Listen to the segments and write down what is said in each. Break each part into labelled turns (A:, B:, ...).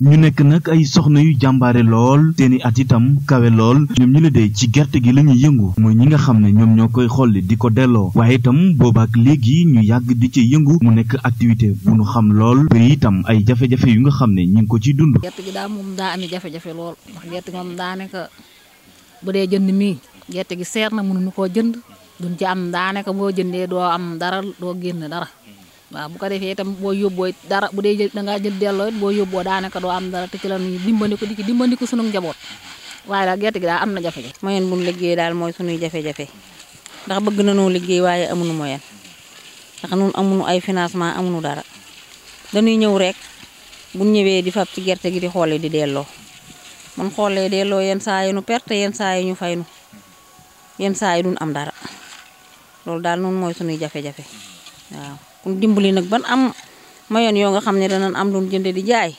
A: ñu nekk nag ay soxna yu jàmbare lool seeni at itam kawe lool ñoom ñu la dee ci gerte gi la ñuy yëngu mooy ñi nga xam ne ñoom ñoo koy xolli di ko delloo waaye itam boobaak léegi ñu yàgg di ci yëngu mu nekk activité bu ñu xam lool bëri itam ay jafe-jafe yu nga xam ne ñu ngi ko ciy dund.
B: gerte gi daal moom daa amee jafe-jafe lool gerte moom daanaka bu dee jënd mii gerte gi seer na mënuñu koo jënd duñ daanaka boo jëndee doo am dara doo génn dara waaw bu ko defee tam boo yóbboo dara bu dee jël jël delloo boo yóbboo daanaka doo am dara te ci la ñuy dimbandiku di dimbandiku sunu njaboot
C: waaye daal gerte gi daa am na jafe-jafe. moyen bu ñu liggéey daal mooy sunuy jafe-jafe ndax bëgg nañoo liggéey waaye amuñu moyen ndax ñun amuñu ay financement amuñu dara dañuy ñëw rek bu ñëwee di fab ci gerte gi di xoolee di delloo man xoolee delloo yenn saa yi ñu perte yenn saa yi ñu fay nu yenn saa yi duñ am dara loolu daal noonu mooy sunuy jafe-jafe waaw. dimbali nag ban am mayoon yoo nga xam ne danañ am lu jënde di jaay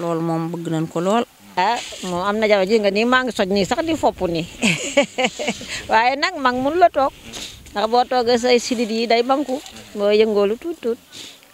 C: loolu moom bëgg nañ ko lool. ah moom am na jafe ji nga nii maa ngi soj ni sax di fopp nii waaye nag mag mun la toog ndax boo toogee say sidit yi day banku boo yëngoolu tuut tuut.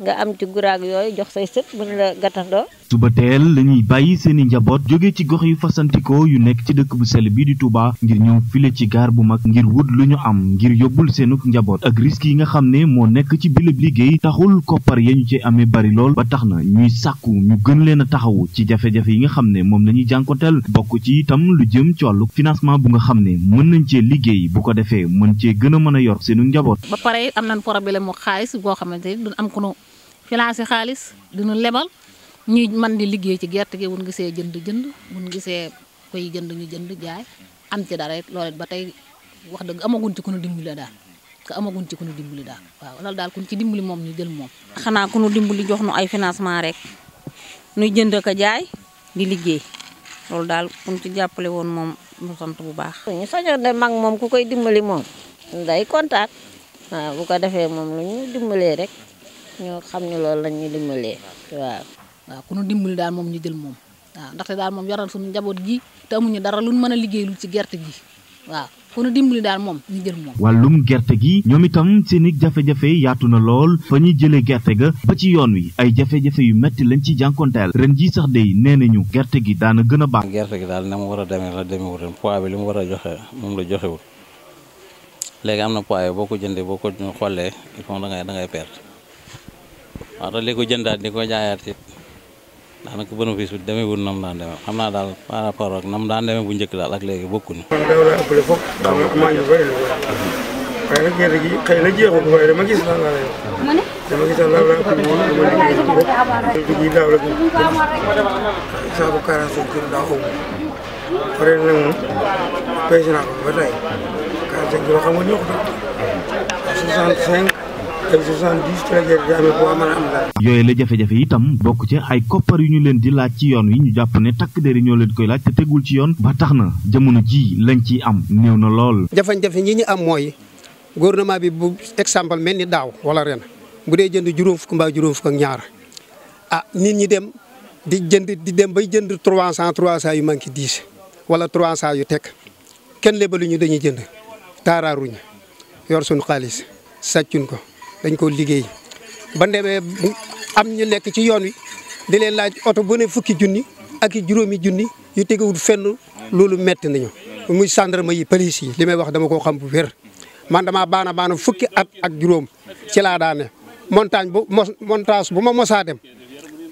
C: nga am ci guraag la
A: suba teel la ñuy bàyyi seen i njaboot jóge ci gox yu fasantikoo yu nekk ci dëkk bu sele bii di Touba ngir ñëw file ci gaar bu mag ngir wut lu ñu am ngir yóbbul seenuk njaboot ak risque yi nga xam ne moo nekk ci bilib liggéey taxul koppar ya ñu ci amee bari lool ba tax na ñuy sàkku ñu gën leen a taxawu ci jafe-jafe yi nga xam ne moom la ñuy jànkonteel bokk ci itam lu jëm ci wàllu financement bu nga xam ne mën nañ cee liggéey bu ko defee mën cee gën a mën a yor seenu njaboot
B: financé xaalis dinu lebal ñuy man di liggéey ci gerte gi buñ gisee jënd jënd buñ gisee koy jënd ñu jënd jaay am ci dara it loolu ba tey wax dëgg amagun ci ku ñu dimbali daal te amaguñ ci ku ñu dimbali daal daal ku ci dimbali moom ñu jël moom.
C: xanaa ku ñu dimbali jox nu ay financement rek nuy jënd ak jaay di liggéey loolu daal ku ci jàppale woon moom ñu bu baax. ñu sañoon de mag moom ku koy dimbali moom day contact waaw bu ko defee moom lu ñu dimbalee rek. ñu xam ñu loolu lañ ñu dimbalee
B: waaw. waaw ku dimbali daal moom ñu jël moom waaw ndaxte daal moom yaral suñu njaboot gi te amuñu dara lu ñu mën a liggéey lu ci gerte gi waaw. ku nu dimbali daal moom ñu jël moom.
A: wàllum gerte gi ñoom itam seeni jafe-jafe yaatu na lool fa ñu jëlee gerte ga ba ci yoon wi ay jafe-jafe yu metti lañ ci jànkonteel ren ji sax de nee nañu gerte gi daana gën a baax.
C: gerte gi daal na mu war a demee la demewul ren poids bi li mu war a joxe moom la joxewul léegi am na poids boo ko jëndee boo ko xollee il faut waaw te li ko jëndaat di ko jaayaat it daanaka bénéfice bi demee wul nam daan demee xam naa daal par rapport ak nam daan demee bu njëkk daal ak léegi bokkuñu. man daaw laa ëppale foofu. daaw laa ëppale
D: foofu waaye nag gerte gi xëy na jeexul waaye dama gis lan laa lay wax. dama gis lan laa ëppale
A: moom dama liggéey ci bopp.
D: gerte gi daaw la ko saabu quarante kilo daa ëpp. pare nag moom pèse naa ko ba tey quarante kilo xam nga ñoo ko doon 65. a
A: yooyu la jafe-jafe itam bokk ci ay koppar yu ñu leen di laaj ci yoon wi ñu jàpp ne takk der yi ñoo leen koy laaj te tegul ci yoon ba tax na jamono ji lañ ciy am néew na lool.
D: jafe-jafe yi ñu am mooy gouvernement bi bu exemple mel ni daaw wala ren bu dee jënd juróom fukk mbaa juróom fukk ak ñaar ah nit ñi dem di jënd di dem bay jënd 300 300 yu manqué diis wala 300 yu teg kenn ñu dañuy jënd taaraaruñu yor suñu xaalis sàccuñ ko. dañ ko liggéey ba demee am ñu nekk ci yoon wi di leen laaj oto bu ne fukki junni ak i juróomi junni yu tegewul fenn loolu metti nañu muy gendarme yi police yi li may wax dama koo xam bu wér man damaa baana baana fukki at ak juróom ci laa daane montagne bu montage bu ma mosaa dem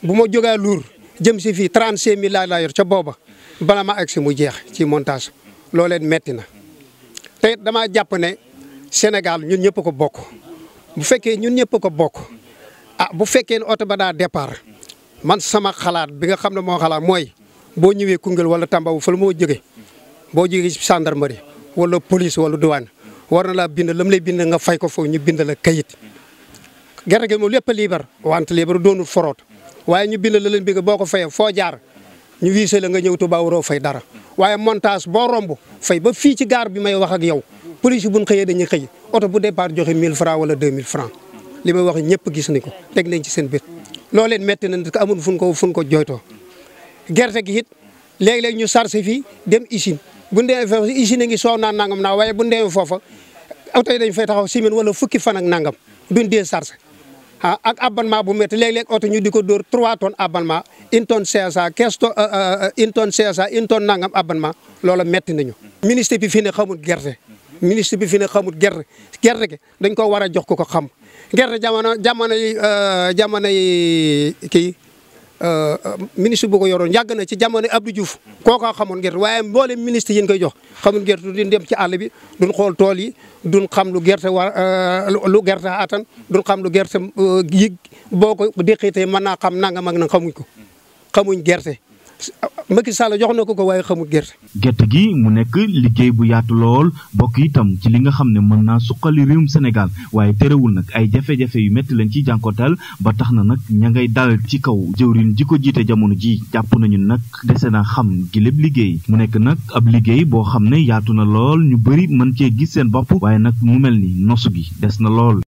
D: bu ma jógaa luur jëm si fii mille laa laa yor ca booba bala ma agsi mu jeex ci montage looleen metti na te dama jàpp ne Sénégal ñun ñëpp ko bokk bu fekkee ñun ñëpp ko bokk ah bu fekkee ne oto ba daa départ man sama xalaat bi nga xam ne moo xalaat mooy boo ñëwee Koungheul wala Tamba wu fa moo jóge boo jógee ci gendarmerie wala police wala douane war na laa bind lam lay bind nga fay ko foofu ñu bind la kayit. gerte gi moom lépp a liibar wante liibar doonul foroot waaye ñu bind la leen bi boo ko fayee foo jaar ñu wiise la nga ñëw Touba waroo fay dara waaye montage boo romb fay ba fii ci gaar bi may wax ak yow. police yi bu ñu xëyee dañuy xëy oto bu départ joxe 1000 francs wala 2000 francs li may wax ñëpp gis nañ ko teg nañ ci seen bët loo leen métti na ko amul fu ñu ko fu ñu ko jooytoo gerte gi it léeg-léeg ñu chargé fii dem usine bu ñu demee foofa usine ngi soow naa nangam naa waaye bu ñu demee foofa oto yi dañ fay taxaw semaine wala fukki fan ak nangam duñ dee chargé ah ak abonnement bu métti léeg-léeg oto ñu di ko door 3 tonnes abonnement une in 500 15 tonnes euh, euh, euh, une tonne 500 une nangam abonnement loola métti nañu. ministre bi fii ne xamul gerte. ministre bi fi ne xamut gerte gerte gi dañ ko war a jox ku ko xam gerte jamono jamono yi euh, jamono yi kii euh, euh, ministre bu ko yoroon yàgg na ci jamono Abdou Diouf kookaa xamoon gerte waaye mboole ministre yi ñu koy jox xamul gerte duñ dem ci àll bi duñ xool tool yi duñ xam lu gerte war lu gerte attan duñ xam lu gerte yi boo ko déqitee mën naa xam nangam ak nang xamuñ ko xamuñ gerte Macky Sall jox na ko ko waaye xamul gerte.
A: gi mu nekk liggéey bu yaatu lool bokk itam ci li nga xam ne mën naa suqali réewum senegal waaye terewul nag ay jafe-jafe yu métti lañ ci jànkonteel ba tax na nag ña ngay dal ci kaw jëwriñ ji ko jiite jamono ji jàpp nañu nag dese naa xam gi lépp liggéey mu nekk nag ab liggéey boo xam ne yaatu na lool ñu bëri mën cee gis seen bopp waaye nag mu mel ni nosu gi des na lool.